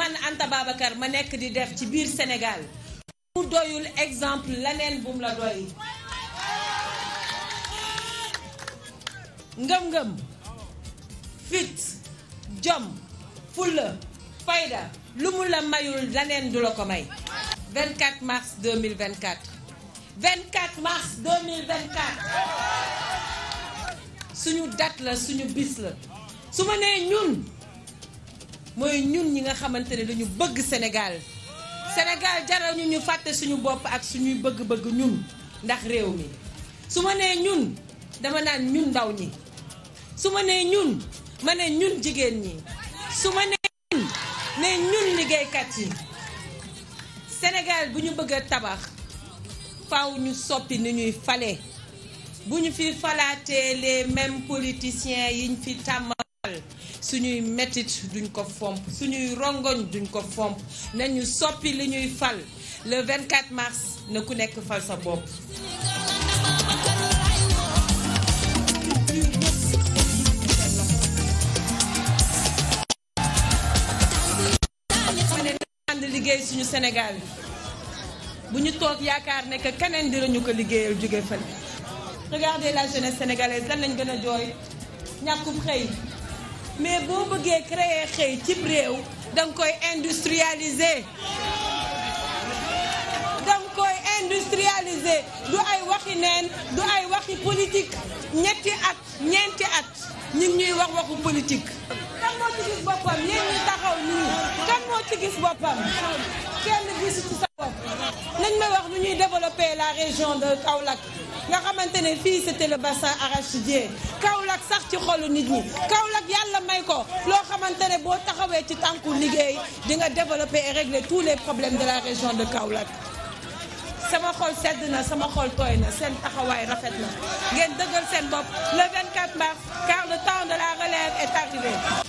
man Anta Babacar ma nekk di def ci biir Sénégal mu doyul exemple laneen bum la doy ngëm-ngëm fit jom fulla fayda lu mu la mayul laneen du la ko may 24 mars 2024 24 mars 2024 suñu date la suñu bis la su ma nee ñun mooy ñun ñi nga xamante ne dañu bëgg Sénégal Sénégal jaral ñu ñu fàtte suñu bopp ak suñuy bëgg-bëgg ñun ndax réew mi su ma nee ñun dama naan ñun ndaw ñi su ma nee ñun ma ne ñun jigéen ñi su ma nee ñun liggéeykat yi Sénégal bu ñu bëgg a tabax faw ñu soppi ni ñuy fale bu ñu fi falaatee les mêmes politiciens yiñ fi tàmmal suñuy metit duñ ko fomp suñuy rongoñ duñ ko fomp nañu soppi li ñuy fal le 24 mars na ku nekk fal sa bopp liggéey suñu Sénégal bu ñu toog yaakaar ne que keneen dinañu ko liggéeyal jóge fële regardez la jeunesse sénégalaise lan lañ gën a jooy ñàkkum xëy mais boo bëggee créer xëy cib réew danga koy industrialiser koy industrialiser du ay waxi neen du ay waxi politique ñetti at ñeenti at ñu ñuy wax waxu politique. kan moo ci gis boppam yéen ñu taxaw nii kan moo ci gis boppam kenn gisu ci nañ ma wax nu ñuy développer la région de Kaolack nga xamante ne fii c'était le bassin arachidier Kaolack sax ci xolu nit ñi Kaolack yàlla may ko loo xamante ne boo taxawee ci tànku liggéey di nga développer et régler tous les problèmes de la région de Kaolack. sama xol sedd na sama xol tooy na seen taxawaay rafet na ngeen dëggal seen bopp le 24 mars car le temps de la relève est arrivé.